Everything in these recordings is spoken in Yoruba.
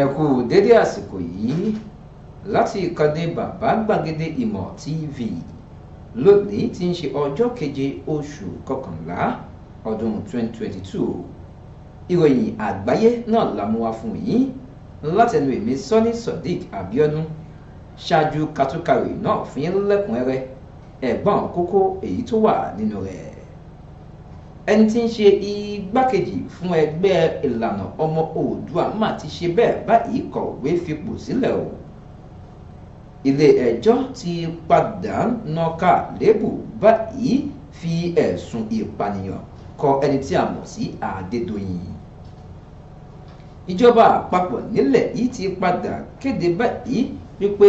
ẹ kú dédé àsìkò yìí láti ìkànnì bàbá gbàgede tv lónìí ti ń ṣe ọjọ́ keje oṣù kọkànlá ọdún 2022 ìròyìn àgbáyé náà la mú wá fún yín látẹnu èmi sọ́ni sodiq abiodun ṣáájú katukari náà fi ń lẹ́kùnrẹ́rẹ́ ẹ̀gbọ́n kókó èyí tó wà nínú rẹ̀ ẹni tí ń ṣe igbákejì fún ẹgbẹ́ ìlànà ọmọ oòdùà má ti ṣe bẹ́ẹ̀ báyìí kọ̀wé fipò sílẹ̀ o ilé ẹjọ́ ti padà nàka lébù báyìí fi ẹ̀sùn ìpànìyàn kọ ẹni tí a mọ̀ sí Adédoyin ìjọba àpapọ̀ nílẹ̀ yìí ti padà kéde báyìí wípé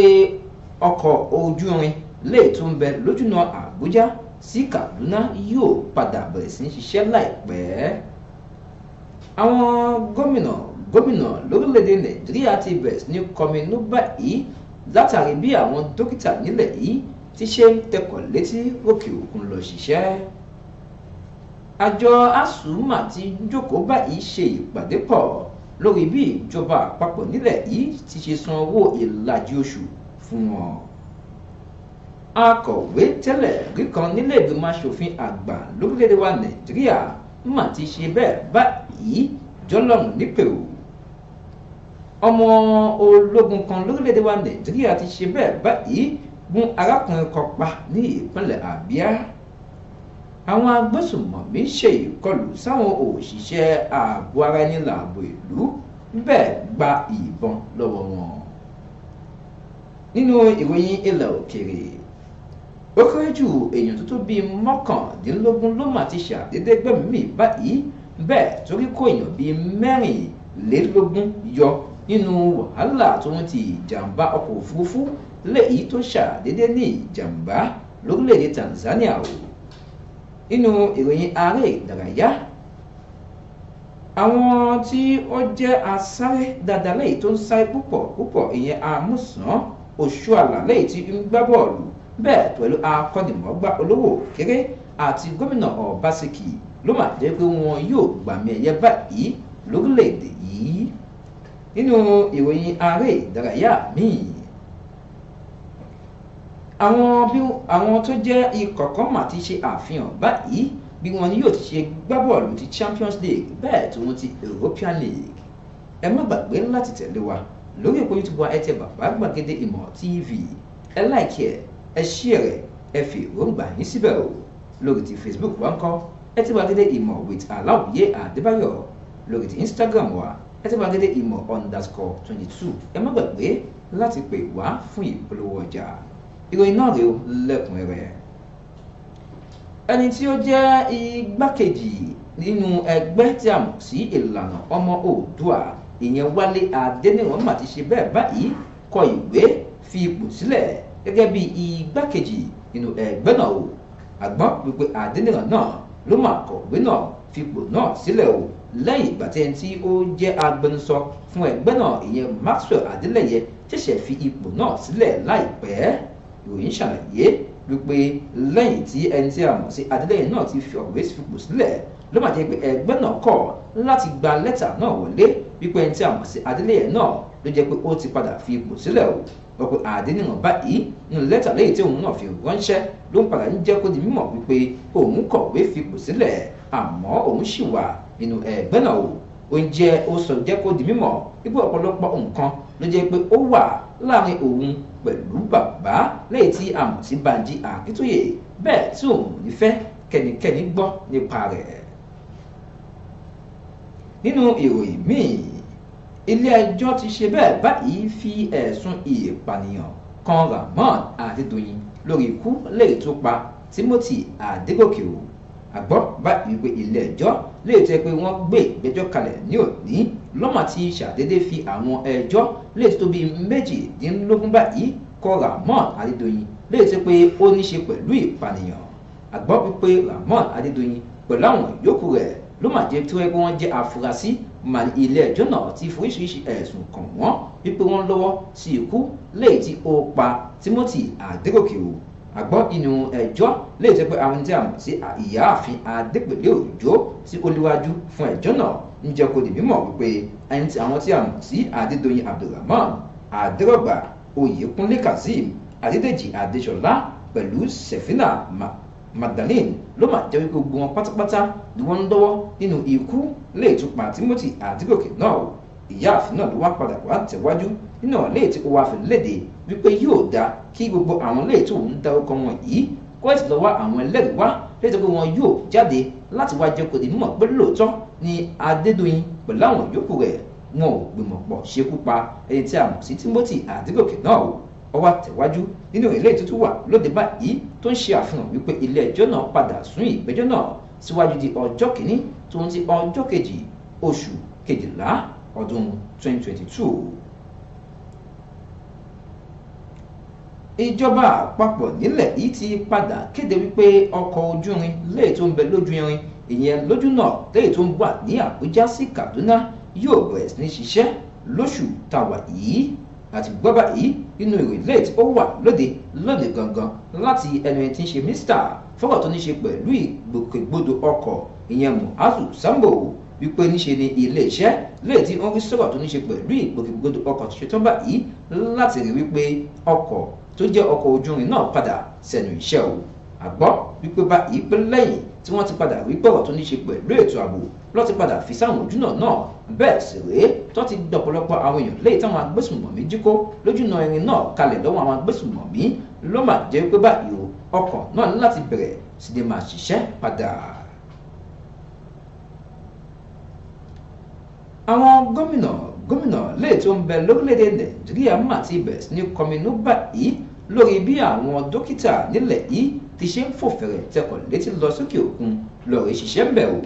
ọkọ̀ ojú irin lè tún bẹ lójúnà Àbújá sí Kaduna yóò padà bẹ̀rẹ̀ sí ní ṣiṣẹ́ láìpẹ́. àwọn gómìnà gómìnà lórílẹ̀‐èdè Nàìjíríà ti bẹ̀rẹ̀ sí ní kọminú báyìí látàrí bí àwọn dókítà nílẹ̀ yìí ti ṣe ń tẹkọ̀ létí òkè òkun lọ ṣiṣẹ́ àjọ asuma ti jókòó báyìí ṣe ìpàdé pọ̀ lórí bí ìjọba àpapọ̀ nílẹ̀ yìí ti ṣe san owó ìlàjì oṣù fún wọn akọ̀wé tẹ́lẹ̀ rí kan nílé ìgbìmọ̀ asòfin àgbà lórílẹ̀‐èdè wa nàìjíríà mà ti ṣe bẹ́ẹ̀ báyìí jọlọ́run nípè o ọmọ ológun kan lórílẹ̀‐èdè wa nàìjíríà ti ṣe bẹ́ẹ̀ báyìí gún arákùnrin kan pa ní ìpínlẹ̀ àbíá àwọn agbésùnmọ̀mí ṣe ìkọlù sáwọn òṣìṣẹ́ ààbò ara ẹni làbò ìlú bẹ́ẹ̀ gba ìbọn lọ́wọ́ wọn nínú ìròyìn ilẹ̀ òkèèrè ó kéré jù èèyàn tó tó bíi mọ́kàndínlógún ló mà ti ṣàdédé gbẹ̀mí mi báyìí bẹ́ẹ̀ torí kó èèyàn bíi mẹ́rìnlélógún yọ nínú wàhálà tó ń ti ìjàmbá ọkọ̀ òfurufú léyìí tó ṣàdédé ní ìjàmbá lórílẹ̀‐èdè Tanzania o nínú ìròyìn ààrẹ ìdárayá àwọn tí ó jẹ́ asáré dáadáa lẹ́yìn tó ń sáré púpọ̀ púpọ̀ ìyẹn amúsàn oṣù àlà lẹ́yìn ń gbá bọ́ọ̀lù bẹ́ẹ̀ pẹ̀lú akọ́nìmọ̀gbà olówó kéré àti gómìnà ọ̀básẹ́kì ló mà jẹ́ pé wọn yóò gbàmì ẹ̀yẹ báyìí lórílẹ̀‐èdè yìí nínú ìròyìn aré ìdárayá míì àwọn tó jẹ́ ikọ̀ kan mà ti ṣe àfihàn báyìí bí wọn ni yóò ti ṣe gbá bọ́ọ̀lù ti Champions League bẹ́ẹ̀ tó wọn ti European League ẹ má gbàgbé láti tẹ̀lé wa lórí ìpò YouTube wa ẹ tẹ bàbá gbàgede ìmọ̀ TV ẹ láìkí ẹ̀ ẹ ṣí ẹ̀rẹ̀ ẹ fi èròǹgbà yín síbẹ̀ o lórí ti Facebook wa ń kọ́ ẹ ti gbàgede ìmọ̀ with aláwòye àdébáyọ̀ lórí ti Instagram wa ẹ ti gbàgede ìmọ̀ underscore twenty two ẹ má gbàgbé láti pè wá fún ìpolówó ọjà ìròyìn náà rèé lẹ́kùnrẹ́rẹ́ ẹni tí ó jẹ́ igbákejì nínú ẹgbẹ́ tí a mọ̀ sí ìlànà ọmọ oòdùà ìyẹn Wálé Adéníran mà ti ṣe bẹ́ẹ̀ báyìí kọ ìwé fi ipò sílẹ̀ gẹ́gẹ́ bí igbákejì nínú ẹgbẹ́ náà o àgbọ́n wípé Adéníran náà ló máa kọ̀wé náà fipò náà sílẹ̀ o lẹ́yìn ìgbà tí ẹni tí ó jẹ́ agbẹnusọ fún ẹgbẹ́ náà ìyẹn Maxwell Adélẹ́yẹ ṣẹ̀ṣẹ̀ fi ipò náà sílẹ̀ láìpẹ́ ìròyìn ṣàlàyé wípé lẹ́yìn tí ẹni tí a mọ̀ sí Adélẹ́yẹ náà ti fi ọ̀wé fipò sílẹ̀ ló máa jẹ́ pé ẹgbẹ́ náà kọ̀ láti gba lẹ́tà náà wọlé wípé ẹni tí a mọ̀ sí Adélẹ́yẹ náà ló jẹ́ pé ó ti padà fi ipò sílẹ̀ o wọ́n pe àdéníwọ̀n báyìí nínú lẹ́tà lẹ́yìn tí òun náà fi ránṣẹ́ ló ń padà ń jẹ́ kó di mímọ̀ wípé òun kọ̀wé fipò sílẹ̀ àmọ́ òun ṣì wà nínú ẹgbẹ́ náà o oúnjẹ ó sọ jẹ́ kó di mímọ̀ wípé ọ̀pọ̀lọpọ̀ nǹkan ló jẹ́ pé ó wà láàrin òun pẹ̀lú bàbá lẹ́yìn tí a mọ̀ sí Banji Akíntóyè bẹ́ẹ̀ tí òun ò ní fẹ́ kẹ́nikẹ́ni gbọ́ nípa rẹ̀ nínú ìròyìn míì ilé-ẹjọ́ ti ṣe bẹ́ẹ̀ báyìí fi ẹ̀sùn ìpànìyàn kan Rahmon Adédoyin lórí ikú lèyí tó pa Timothy Adégòkè o àgbọ́ báyìí pé ilé-ẹjọ́ lè tẹ́ pé wọ́n gbé ìgbẹ́jọ́ kalẹ̀ ní òní lọ́mà tí ṣàdédé fi àwọn ẹjọ́ lè tó bíi méjìdínlógún báyìí kọ Rahmon Adédoyin lè tẹ́ pé ó ní ṣe pẹ̀lú ìpànìyàn àgbọ́ pípé Rahmon Adédoyin pẹ̀lú àwọn yòókù rẹ̀ ló mà jẹ́ tí wọ́n jẹ́ afurasí ilé ẹjọ́ náà ti foríṣiríṣi ẹ̀sùn kàn wọ́n wípé wọ́n lọ́wọ́ sí ikú léyìí tí ó pa Timothy Adégòkè o àgbọ́ inú ẹjọ́ léyìí tó pé àwọn tí a mọ̀ sí ìyáàfin Adépèlé Òjó sí olúwájú fún ẹjọ́ náà ń jẹ́ kó di mímọ̀ wípé ẹni tí àwọn tí a mọ̀ sí Adédoyin Abdulrahman Adérọ̀gbà Oyèkúnlé Kazeem Adédèjì Adéṣọlá pẹ̀lú Sefina magdalene ló mà jẹ́ wípé gbogbo wọn pátápátá ni wọ́n ń dọ́wọ́ nínú ikú lè pa timothy àdìgòkè náà o ìyáàfin náà ló wá padà wá tẹ̀wájú nínú ọ̀lẹ́ tí ó wá fi léde wípé yóò dáa kí gbogbo àwọn ilé tó ń darúkọ wọn yìí kó ẹ̀sìn lọ́wọ́ àwọn ẹlẹ́rìí wá léde pé wọn yóò jáde láti wá jẹ́ kó mímọ̀ pé lóòótọ́ ni adédọ́yìn pẹ̀lú àwọn yòókù rẹ̀ wọn ò gbìmọ̀ pọ̀ ṣekú pa ẹni tí a mọ̀ sí timothy àdìgòkè náà o ó wá tẹ̀wájú nínú ilé ìtútù wà lóde báyìí tó ń ṣe àfihàn wípé ilé ẹjọ́ náà padà sún ìgbẹ́jọ́ náà síwájú di ọjọ́ kìíní tó ń ti ọjọ́ kejì oṣù kejìlá ọdún 2022. ìjọba àpapọ̀ nílẹ̀ yìí ti padà kéde wípé ọkọ̀ ojú irin léè tó ń bẹ lójú irin ìyẹn lójú náà léè tó ń wà ní Àbújá sí Kaduna yóò bẹ̀rẹ̀ sí ní ṣiṣẹ́ lóṣù tàwa yìí àti gbọ́bà yìí nínú ìwé late ó wà lóde lónìí gangan láti ẹnu ẹni tí ń ṣe mínísítà fọ́rọ̀ tó ní ṣe pẹ̀lú ìgbòkègbodò ọkọ̀ ìyẹn Muazu Sambo wípé níṣe ni iléeṣẹ́ léè tí wọ́n fi sọ̀rọ̀ tó níṣe pẹ̀lú ìgbòkègbodò ọkọ̀ tó ṣe tó báyìí láti rí wípé ọkọ̀ tó jẹ́ ọkọ̀ ojú irin náà padà sẹ́nu iṣẹ́ o àgbọ́ wípé báyìí pé lẹ́yìn tí wọ́n ti padà rí pọ̀rọ̀ tó níṣe pẹ̀lú ètò ààbò lọ́ ti padà fi sáwọn ojúnà náà bẹ́ẹ̀ sì rèé tó ti dọ̀pọ̀lọpọ̀ àwọn èèyàn léyìí táwọn agbésùnmọ̀mí jí kó lójúnà irin náà kalẹ̀ lọ́wọ́ àwọn agbésùnmọ̀mí ló mà jẹ́ pé báyìí o ọkọ̀ náà ní láti bẹ̀rẹ̀ sì lè máa ṣiṣẹ́ padà. àwọn gómìnà gómìnà léè tó ń bẹ lórílẹ̀‐èdè nàìjíríà mà ti bẹ̀rẹ̀ sí ní kọminú báyìí lórí bí àwọn dókítà nílẹ̀ yìí ti ṣe ń fòfèrè tẹkọ̀ létí lọ sókè òkun lọ́ọ̀rẹ́ ṣiṣẹ́ bẹ̀rù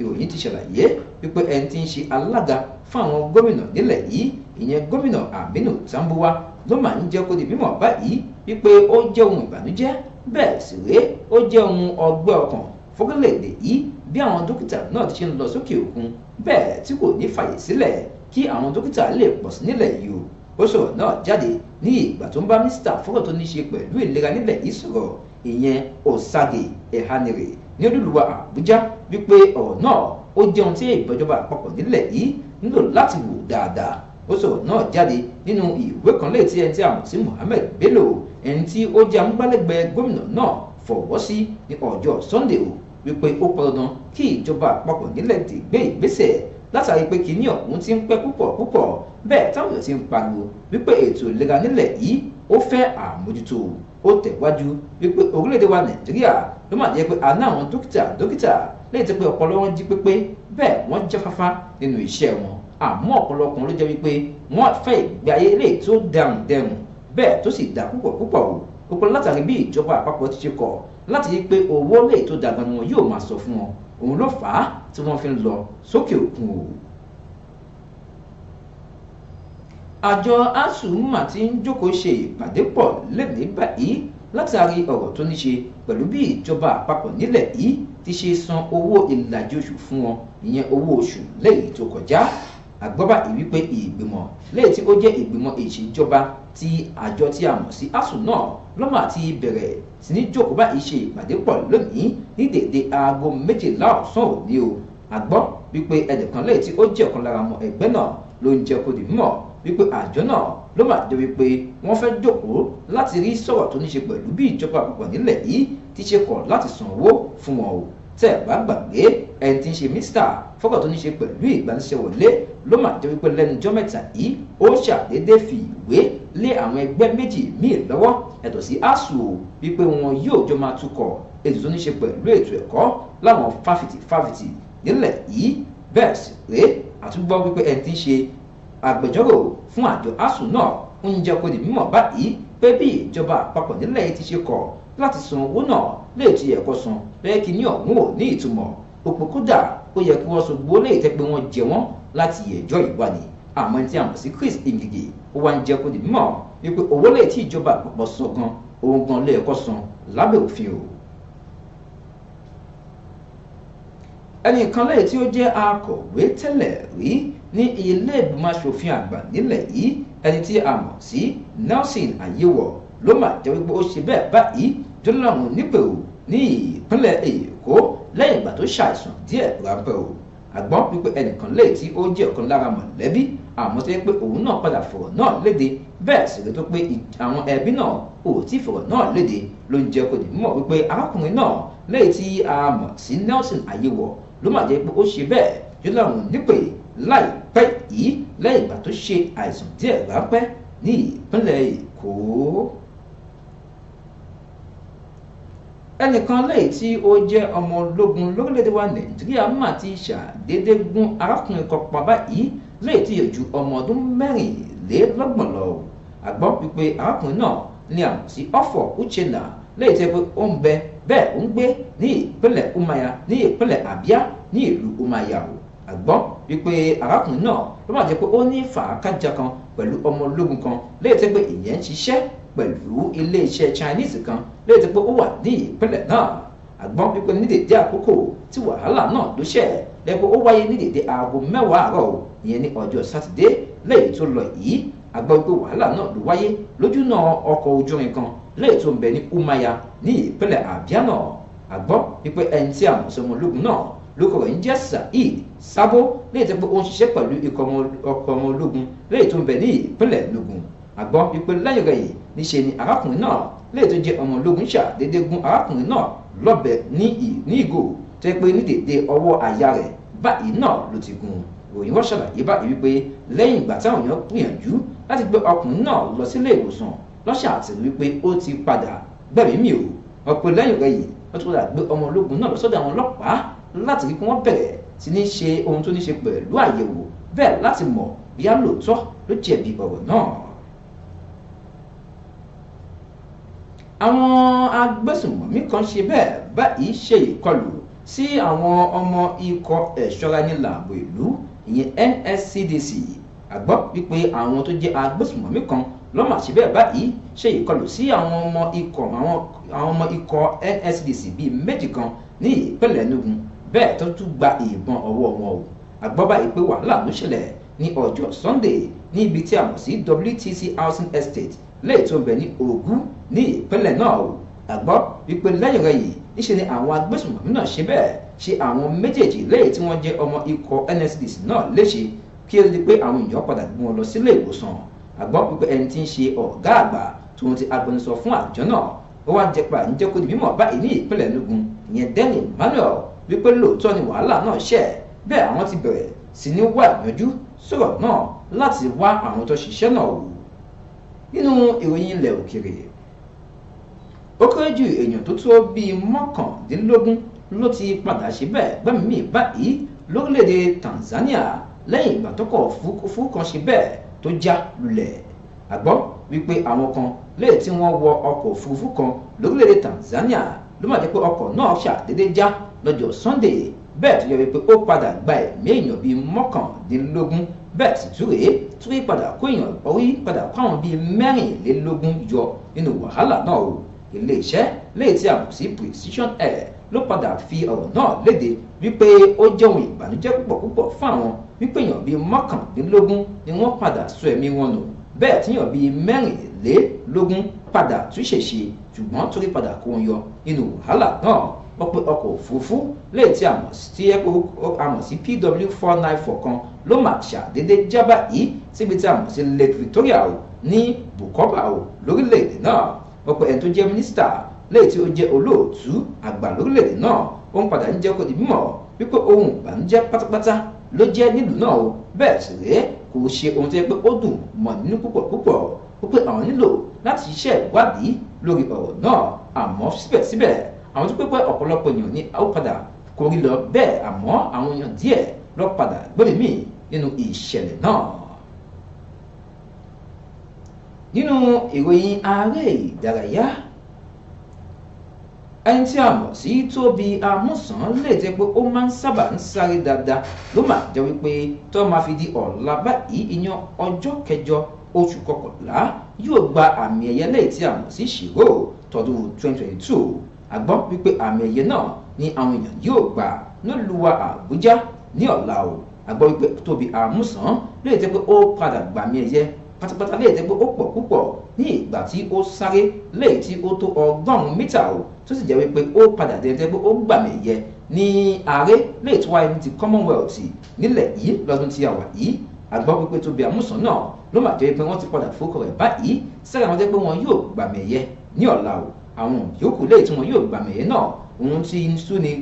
ìròyìn ti ṣàlàyé wípé ẹni tí ń ṣe alága fún àwọn gómìnà nílẹ̀ yìí ìyẹn gómìnà Aminu Tambuwa ló mà ń jẹ́ kó di mímọ̀ báyìí wípé ó jẹ́ ohun ìbànújẹ́ bẹ́ẹ̀ sì rèé ó jẹ́ ohun ọgbẹ́ ọkàn fórílẹ̀-èdè yìí bí àwọn dókítà náà ti ṣe ń lọ sókè òkun bẹ́ẹ̀ tí kò ní fàyè sílẹ̀ kí àwọn dókítà lè pọ̀ sí nílẹ̀ yìí o ó sọ̀rọ̀ náà jáde ní ìgbà tó ń bá mínísítà fọ́rọ̀ tó ní ṣe pẹ̀lú ìlera nílẹ̀ yìí sọ̀rọ̀ ìyẹn Osage Ehanire nílùú àbújá wípé ọ̀rọ̀ náà ó jẹ́ ohun tí ìbọ̀jọba àpapọ̀ nílẹ̀ yìí nílò láti wò dáadáa ó sọ̀rọ̀ náà jáde nínú ìwé kan léè tí ẹni tí a mọ̀ sí Mohammed Bello ẹni tí ó jẹ́ amúgbálẹ́gbẹ̀ẹ́ gómìnà náà fọwọ́ sí ní ọjọ́ Sunday o wípé ó pọn dandan kí ìjọba àpapọ̀ nílẹ̀ ti gbé ìgbésẹ̀ látàrí pé kínní ọ̀hún ti ń pẹ́ púpọ̀ púpọ̀ bẹ́ẹ̀ táwọn èèyàn ti ń pariwo wípé ètò ìlera nílẹ̀ yìí ó fẹ́ àmójútó ó tẹ̀wájú wípé orílẹ̀-èdè wa nàìjíríà ló mà jẹ́ pé a àwọn dókítà dókítà lẹ́yìn tí pé ọpọlọ wọn jí pépé bẹ́ẹ̀ wọ́n jáfáfá nínú iṣẹ́ wọn àmọ́ ọ̀pọ̀lọpọ̀ ló jẹ́ wípé wọ́n fẹ́ ìgbé ayé lè tó dẹrùn dẹrùn bẹ́ẹ̀ tó sì dá púpọ̀ púpọ̀ o ọ̀pọ̀ látàrí bí ìjọba àpapọ̀ ti ṣe kọ̀ láti yí pé owó lè tó dàgbà wọn yóò máa sọ fún wọn òun ló fà á tí wọ́n fi ń lọ sókè òkun o. àjọ asuu mà ti ń jókòó ṣe ìpàdé pọ̀ lẹ́ni báyìí látàrí ọ̀rọ̀ tó ní ṣe pẹ̀lú bí ìjọba àpapọ̀ nílẹ̀ yìí ti ṣe san owó ìlàjì oṣù fún wọn ìyẹn owó oṣù lẹ́yìn tó kọjá àgbọ́bà ìwípé ìgbìmọ̀ léyìí tí ó jẹ́ ìgbìmọ̀ ìṣèjọba ti àjọ tí a mọ̀ sí asuu náà lọ́mọ àti bẹ̀rẹ̀ sí ní jókòó báyìí ṣe ìpàdé pọ̀ lónìí ní déédéé aago méjìlá ọ̀sán òní o àgbọ́ wípé ẹnìkan léyìí tí ó jẹ́ ọ̀kan lára ọmọ ẹgbẹ́ náà ló ń jẹ́ kó di mímọ̀ wípé àjọ náà ló mà jẹ́ wípé wọ́n fẹ́ jókòó láti rí sọ̀rọ̀ tó ní ṣe pẹ̀lú bí ìjọba àpapọ̀ nílẹ̀ yìí ti ṣe kọ̀ láti san owó fún wọn o tẹ́ ẹ̀ bá gbàgbé ẹni tí ń ṣe mísítà fọ́kàn tó ní ṣe pẹ̀lú ìgbanisẹ́wọlé ló mà jẹ́ wípé lẹ́nujọ́ mẹ́ta yìí ó ṣàdédé fi ìwé lé àwọn ẹgbẹ́ méjì míì lọ́wọ́ ẹ̀tọ́ sí asuu wípé wọn yóò jọ máa tukọ̀ ètò tó ní ṣe pẹ̀lú ètò ẹ̀kọ́ láwọn fáfitì fáfitì nílẹ̀ yìí bẹ́ẹ̀ sì pé àtúgbọ́ wípé ẹni tí ń ṣe agbẹjọ́rò fún àjọ asuu náà ń jẹ́ kó di mímọ̀ báyìí pé bí ìjọba àpapọ̀ nílẹ̀ ti ṣe kọ̀ láti san owó náà lè ti ẹ̀kọ́ san bẹ́ẹ̀ kí ní ọ̀hún ò ní ìtumọ̀ òpó kódà ó yẹ kí wọ́n so gbó lè tẹ́ pé jẹ wọ́n láti ẹjọ́ ìwádìí àmọ́ tí a mọ̀ sí Chris Ngige ó wá ń jẹ́ kó di mímọ̀ wípé owó lè tí ìjọba àpapọ̀ san gan òun gan lè ẹ̀kọ́ san lábẹ́ òfin o. ẹnì kan lẹ́yìn tí ó jẹ́ akọ̀wé tẹ́lẹ̀ rí ní ilé ìgbìmọ̀ asòfin àgbà nílẹ̀ yìí ẹni tí a mọ̀ sí Nelson Ayewo ló mà jẹ́ wípé ó ṣe bẹ́ẹ̀ báyìí jọlọ́run nípẹ́ o ní ìpínlẹ̀ Èkó lẹ́yìn ìgbà tó ṣàìsàn díẹ̀ ráńpẹ́ o àgbọ́n wípé ẹnìkan lè tí ó jẹ́ ọ̀kan lára mọ̀lẹ́bí àmọ́ tó yẹ pé òun náà padà fọ̀rọ̀ náà léde bẹ́ẹ̀ sì lè tó pé àwọn ẹbí náà ò tí fọ̀rọ̀ náà léde ló ń jẹ́ kó di mímọ̀ wípé arákùnrin náà lẹ́yìn tí a mọ̀ sí Nelson Ayewo ló mà jẹ́ pé ó ṣe bẹ́ẹ̀ jọlọ́run nípẹ́ láìpẹ́ yìí lẹ́yìn ìgbà tó ṣe àìsàn díẹ̀ ráńpẹ́ ní ìpínlẹ̀ èkó. ẹnìkan lẹ́yìn tí ó jẹ́ ọmọ ológun lórílẹ̀‐èdè wa nàìjíríà mà ti ṣàdédé gún arákùnrin kan pa báyìí lẹ́yìn tí yóò ọmọ ọdún mẹ́rìnlélọ́gbọ̀n lọ. àgbọ̀ pípé arákùnrin náà ni àmọ̀ sí ọ̀fọ̀ uchenna lẹ́yìn tí ó ń bẹ bẹ́ẹ̀ ń gbé ní ìpínlẹ̀ umaya ní ìpínlẹ̀ abia ní ìlú umaya o àgbọ́ wípé arákùnrin náà ló máa jẹ́ pé ó ní fàákájà kan pẹ̀lú ọmọ ológun kan léyìí tó pé ìyẹn ń ṣiṣẹ́ pẹ̀lú iléeṣẹ́ Chinese kan léyìí tó pé ó wà ní ìpínlẹ̀ náà àgbọ́ wípé ní dédé àkókò tí wàhálà náà ló ṣẹ̀ lẹ́pẹ́ ó wáyé ní dédé aago mẹ́wàá àárọ̀ ìyẹn ní ọjọ́ sátidé léyìí tó lọ yìí àgbọ́ wípé wàhálà náà ló wáyé lójúnà ọkọ̀ ojú irin kan léyìí tó ń bẹ ní Umaya ní ìpínlẹ̀ Abia náà àgbọ́ wípé ẹni tí àmọ̀sọ́mọlógún náà lókọ̀ rẹ̀ ń jẹ́ Saheed sábó léyìí tó pé ó ń ṣiṣẹ́ pẹ̀lú ikọ̀ ọkọ̀ ọmọ ológun léyìí tó ń bẹ ní ìpínlẹ̀ lógùn àgbọ́ wípé lẹ́yìnrẹ́ yìí níṣe ni arákùnrin náà léyìí tó jẹ́ ọmọ ológun ṣàdédé gún arákùnrin náà lọ́bẹ ní ìgò tó yẹ pé ní dèdè ọwọ́ àyà rẹ̀ báyìí náà ló ti gún òyìn wọ́n ṣàlàyé báyìí wípé lẹ́yìn ìgbà táwọn èèyàn gbìyànjú láti gbé ọkùnrin náà lọ sílé ìwòsàn lọ́ṣà àti wípé ó ti padà gbẹ̀mí mi ò ọ̀pẹ lẹ́yìn rẹ̀ yìí wọ́n ti padà gbé ọmọ ológun náà lọ sọ́dọ̀ àwọn ọlọ́pàá láti rí kí wọ́n bẹ̀rẹ̀ ti ní ṣe ohun tó ní ṣe pẹ̀lú àyẹ̀wò bẹ́ẹ̀ láti mọ̀ bóyá lóòótọ́ ló jẹ̀bi ọ̀rọ̀ náà. àwọn agbésùnmọ̀mí kan ṣe bẹ́ẹ̀ báyìí ṣe ìkọlù sí àwọn ọmọ ikọ̀ ẹ̀ṣọ́ra nílà ààbò ìlú ìyẹn NSCDC àgbọ́ wípé àwọn tó jẹ́ agbésùnmọ̀mí kan lọ́mọ àṣìbẹ́ báyìí ṣe ìkọlù sí àwọn ọmọ ikọ̀ àwọn ọmọ ikọ̀ NSDC bíi méjì kan ní ìpínlẹ̀ Enugu bẹ́ẹ̀ tó tún gba ìbọn ọwọ́ wọn o àgbọ́bà ìpè wàhálà ló ṣẹlẹ̀ ní ọjọ́ Sunday ní ibi tí a mọ̀ sí WTC Housing Estate léè tó ń bẹ ní Ògùn ní ìpínlẹ̀ náà o àgbọ́ wípé lẹ́yìn rẹ̀ yìí níṣe ni àwọn agbésùnmọ̀mí náà ṣe bẹ́ẹ̀ ṣe àwọn méjèèjì léè tí wọ́n jẹ́ ọmọ ikọ̀ NSDC náà léṣe kí ó di pé àwọn èèyàn padà gbé wọn lọ sílé ìwòsàn àgbọ́ wípé ẹni tí ń ṣe ọ̀gá àgbà tòun ti agbẹnusọ fún àjọ náà ó wá jẹ́ pa àníjẹ́kó di mímọ̀ báyìí ní ìpínlẹ̀ Enugu ìyẹn Daniel Emmanuel wípé lóòótọ́ ni wàhálà náà ṣẹ̀ bẹ́ẹ̀ àwọn ti bẹ̀rẹ̀ sí ní wá ìyanjú sọ̀rọ̀ náà láti wá àwọn tó ṣiṣẹ́ náà wò nínú ìròyìn ilẹ̀ òkèrè ó kéré ju èèyàn tó tó bíi mọ́kàndínlógún ló ti padà ṣe bẹ́ẹ̀ gbẹ́mìí báyìí lórílẹ̀‐èdè Tanzania lẹ́yìn ìgbà tó kọ̀ fúrúkú kan ṣe bẹ́ẹ̀ tó já lulẹ̀ àgbọ́ wípé àwọn kan lẹ́yìn tí wọ́n wọ ọkọ̀ òfurufú kan lórílẹ̀‐èdè Tanzania ló má jẹ́ pé ọkọ̀ náà ṣàdédé já lọ́jọ́ sunday bẹ́ẹ̀ tó yẹ wípé ó padà gba ẹ̀mí èèyàn bíi mọ́kàndínlógún bẹ́ẹ̀ sì tún rèé tún yí padà kó èèyàn orí padà kó àwọn bíi mẹ́rìnlélógún yọ nínú wàhálà náà o iléeṣẹ́ léyìí tí a mọ̀ sí precision air ló padà fi ọ̀rọ̀ náà léde wípé ó jẹ́ ohun ìbànújẹ́ púpọ̀ púpọ̀ fún àwọn wípé èèyàn bíi mọ́kàndínlógún ni wọ́n padà sọ ẹ̀mí wọn nù bẹ́ẹ̀ tí èèyàn bíi mẹ́rìnlélógún padà tún ṣèṣe ṣùgbọ́n torí padà kó wọn yọ nínú wàhálà náà wọ́n pe ọkọ̀ òfurufú lè tí a mọ̀ sí a mọ̀ sí pw four nine four kan ló mà ṣàdédé jábà yìí síbi tí a mọ̀ sí lake victoria o ní bukoba o lórílẹ̀‐èdè náà wọ́n pe ẹni tó jẹ́ mínísítà lè tí ó jẹ́ olóòtú àgbà lórílẹ̀‐èdè náà ó ń padà ń jẹ́ kó di mímọ̀ wípé ohun ìbànújẹ́ pátápátá ló jẹ́ nílùú náà o bẹ́ẹ̀ sì rèé kò ṣe ohun tó yẹ pé ó dùn mọ̀ nínú púpọ̀ púpọ̀ ó pé àwọn nílò láti ṣiṣẹ́ ìwádìí lórí ọ̀rọ̀ náà àmọ́ síbẹ̀síbẹ̀ àwọn tó pépé ọ̀pọ̀lọpọ̀ èèyàn ni ó padà kórí lọ bẹ́ẹ̀ àmọ́ àwọn èèyàn díẹ̀ ló padà gbẹ́mìí mì nínú ìṣẹ̀lẹ̀ náà. nínú ìròyìn ààrẹ ìdárayá ẹni tí a mọ̀ sí tóbi amúsàn lè jẹ́ pé ó máa ń sábà ń sáré dáadáa ló máa jẹ́ wípé tó máa fi di ọ̀la báyìí ìyan ọjọ́ kẹjọ oṣù kọkànlá yóò gba àmì ẹ̀yẹ lẹ́yìn tí a mọ̀ sí ṣìró tọdún 2022 a gbọ́ wípé àmì ẹ̀yẹ náà ni àwọn èèyàn yóò gbà nílùúwa àbújá ní ọ̀la o a gbọ́ wípé tóbi àmúsàn lè jẹ́ pé ó padà gbàmì ẹ̀yẹ pátápátá lè jẹ́ pé ó pọ̀ púpọ̀ ní ìgbà tí ó sáré léyìí tí ó tó ọgọ́rùn-ún mítà o tó sì jẹ́ wípé ó padà dẹ́jẹ́ pé ó gbàmì ẹ̀yẹ ní ààrẹ lè tó wáyé ní ti commonwealth nílẹ̀ yìí lọ́dún tí a wà yìí àgbọ̀ pípé tó bí àmúsàn náà ló mà jẹ́ pé wọ́n ti padà fókọ̀ rẹ̀ báyìí sẹ́ra wọn jẹ́ pé wọn yóò gbàmì ẹ̀yẹ ní ọ̀la o àwọn yòókù lè tí wọn yóò gbàmìí náà òun ti ń súni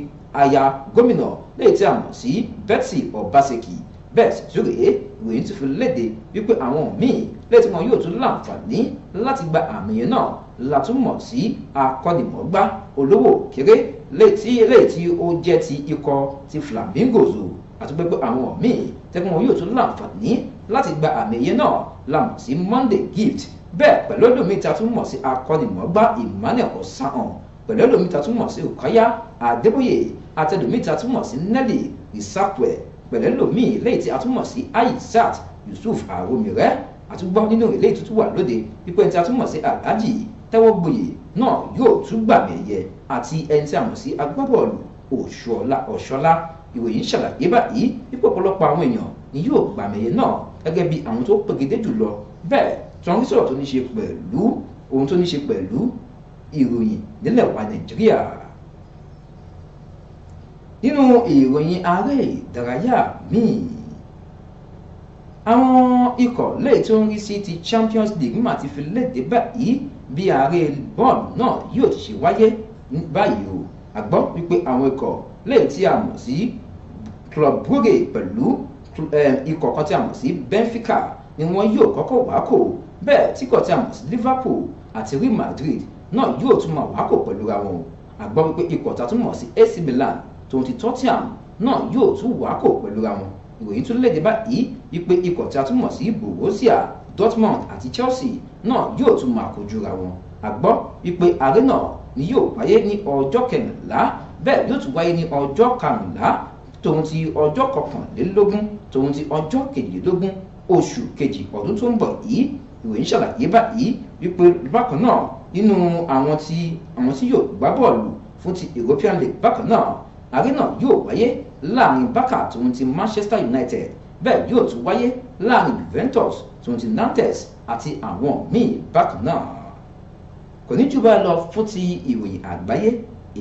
aya gómìnà lè tí a mọ̀ sí Betsy Obaseki bẹ́ẹ̀ sì tún rèé ìròyìn ti fi léde wípé àwọn míì lè tí wọn yóò tún láǹfààní láti gba àmìyẹ náà látúmọ̀ sí akọ́nìmọ̀gbá olówó kéré létí létí ó jẹ́ ti ikọ̀ ti Flamingos O, àti pé àwọn míì tẹ́kun wọn yóò tún láǹfààní láti gba àmìyẹ náà lámọ̀ sí Monday gift bẹ́ẹ̀ pẹ̀lú ẹlòmíì ta tún mọ̀ sí akọ́nimọ̀ọ́gbá Emmanuel Osahan pẹ̀lú ẹlòmíì ta tún mọ̀ sí Rukaya Adébóyè àtẹlòmíì ta tún mọ̀ sí Nelly Isacwe pẹ̀lú ẹlòmíì lẹ́yìn tí a tún mọ̀ sí Aisat Yusuf Aromire àtúgbọ́ nínú ilé ìtútù wà lóde pípẹ́ ní tí a tún mọ̀ sí Alhaji Tẹ́wọ́gboyè náà yóò tún gbàmì ẹ̀yẹ àti ẹni tí a mọ̀ sí agbábọ́ọ̀lù Òṣùọlá Ọ̀ṣọ́lá ìròyìn ṣàlàyé báyìí wípé ọ̀pọ̀lọpọ̀ àwọn èèyàn ni yóò gbàmì ẹ̀yẹ náà gẹ́gẹ́ bí àwọn tó pegedé jùlọ bẹ́ẹ̀ tí wọ́n ń sọ̀rọ̀ tó ní ṣe pẹ̀lú ohun tó ní ṣe pẹ̀lú ìròyìn nílẹ̀ wa nàìjíríà nínú ìròyìn aré ìdárayá míì àwọn ikọ̀ lẹ́yìn tó Champions League mà ti fi léde báyìí bí ààrẹ bọ́ọ̀lù náà yóò ti ṣe wáyé a gbọ́ wípé Club Brugge pẹ̀lú eh, ikọ̀ kan tí Benfica ni wọ́n yóò kọ́kọ́ bẹ́ẹ̀ tí kò tí a mọ̀ sí Liverpool àti Real Madrid náà yóò tún máa wákò pẹ̀lú ra wọn àgbọ́ wípé ikọ̀ tá a tún mọ̀ sí AC Milan tòun ti Tottenham náà yóò tún wákò pẹ̀lú ra wọn ìròyìn tún léde báyìí wípé ikọ̀ tá a tún mọ̀ sí Borussia Dortmund àti Chelsea náà yóò tún máa kojú ra wọn àgbọ́ wípé ààrẹ náà ni yóò wáyé ní ọjọ́ kẹrìnlá bẹ́ẹ̀ yóò tún wáyé ní ọjọ́ karùnlá tòun ti ọjọ́ kọkànlélógún tòun ti ọjọ́ kejìlélógún oṣù kejì ọdún tó ń bọ̀ yìí ìròyìn ṣàlàyé báyìí wípé bákan náà nínú àwọn tí àwọn tí yóò gbá bọ́ọ̀lù fún ti European League bákan náà àrí náà yóò wáyé láàrin Barca tòun ti Manchester United bẹ́ẹ̀ yóò tún wáyé láàrin Juventus tòun ti Nantes àti àwọn míì bákan náà kò ní jù báyìí lọ fún ti ìròyìn àgbáyé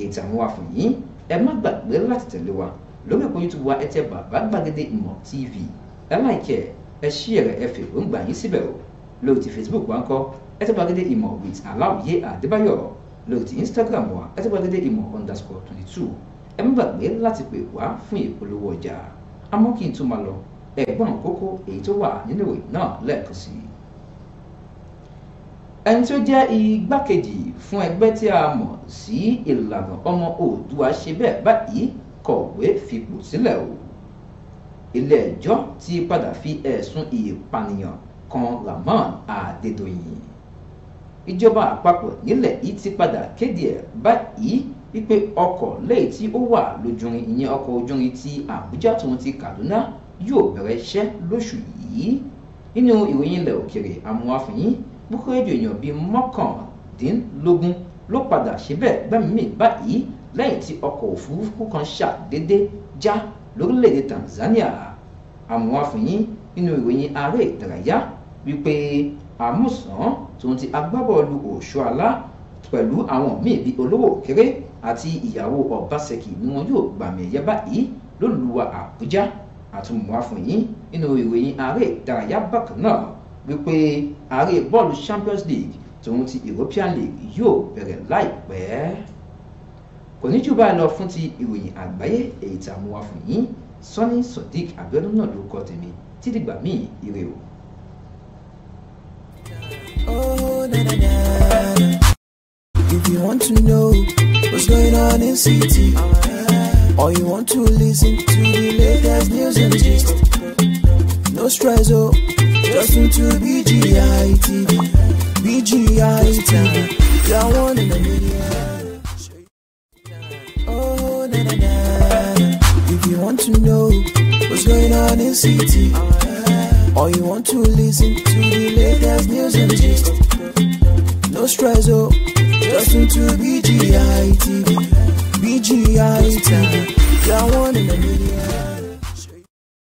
ètò àwọn wa fún yín ẹ má gbàgbé láti tẹ̀lé wa lórí ẹ̀kọ́ YouTube wa ẹ tẹ bàbá gbàgede ìmọ̀ TV ẹ láìkẹ́ ẹ ṣí ẹ̀rẹ̀ ẹ fèrè ó ń gbà yín síbẹ̀ o lórí ti facebook wa ń kọ́ ẹ ti gbàgede ìmọ̀ with aláwìyé àdébáyọ̀ lórí ti instagram wa ẹ ti underscore twenty two ẹ má gbàgbé láti pè wá fún ìpolówó ọjà àmọ́ kí n tún máa lọ ẹ̀gbọ́n kókó èyí tó wà nínú ìwé náà lẹ́ẹ̀kan sí i ẹni tó jẹ́ igbákejì fún ẹgbẹ́ tí a mọ̀ sí ìlànà ọmọ oòdùà ṣe bẹ́ẹ̀ báyìí kọ̀wé fipò sílẹ̀ o ilé ẹjọ́ ti padà fi ẹ̀sùn ìpànìyàn kan Rahmon Adédoyin ìjọba àpapọ̀ nílẹ̀ yìí ti padà kéde ẹ̀ báyìí wípé ọkọ̀ lẹ́yìn tí ó wà lójúrin ìyẹn ọkọ̀ ojúrin ti Àbújá tòun ti Kaduna yóò bẹ̀rẹ̀ iṣẹ́ lóṣù yìí nínú ìròyìn ilẹ̀ òkèrè amúhàfín búkúrẹ́dì èèyàn bíi mọ́kàndínlógún ló padà síbẹ̀ gbẹ́mìí báyìí lẹ́yìn tí ọkọ̀ òfurufú kan ṣàdédé já lórílẹ̀‐èdè Tanzania amúhàfín nínú ìròyìn aré ìdárayá wípé àmúsàn tòun ti agbábọ́ọ̀lù Òṣùàlá pẹ̀lú àwọn míì bíi olówó òkèrè àti ìyàwó Ọbaṣẹ́kì ni wọn yóò gbàmì ẹ̀yẹ báyìí lólùwà Àbújá àtúmọ̀wá fún yín nínú ìròyìn ààrẹ ìdárayá bákan náà wípé ààrẹ bọ́ọ̀lù Champions League tòun ti European League yóò bẹ̀rẹ̀ láìpẹ́ kò ní jù báyìí lọ fún ti ìròyìn àgbáyé èyí tá a mú wá fún yín Sọ́ni Sodiq Abíọ́dún náà ló kọ tèmi títí gbà míì ire o. Oh, na na na. If you want to know what's going on in city, or you want to listen to the latest news and gist, no stress, oh, just tune to BGI TV. BGI TV, you're one in the million. Oh, na na na. If you want to know what's going on in city. Or you want to listen to the latest news and gist? No stress, oh, just tune to BGI TV. BGI TV, you one in a million.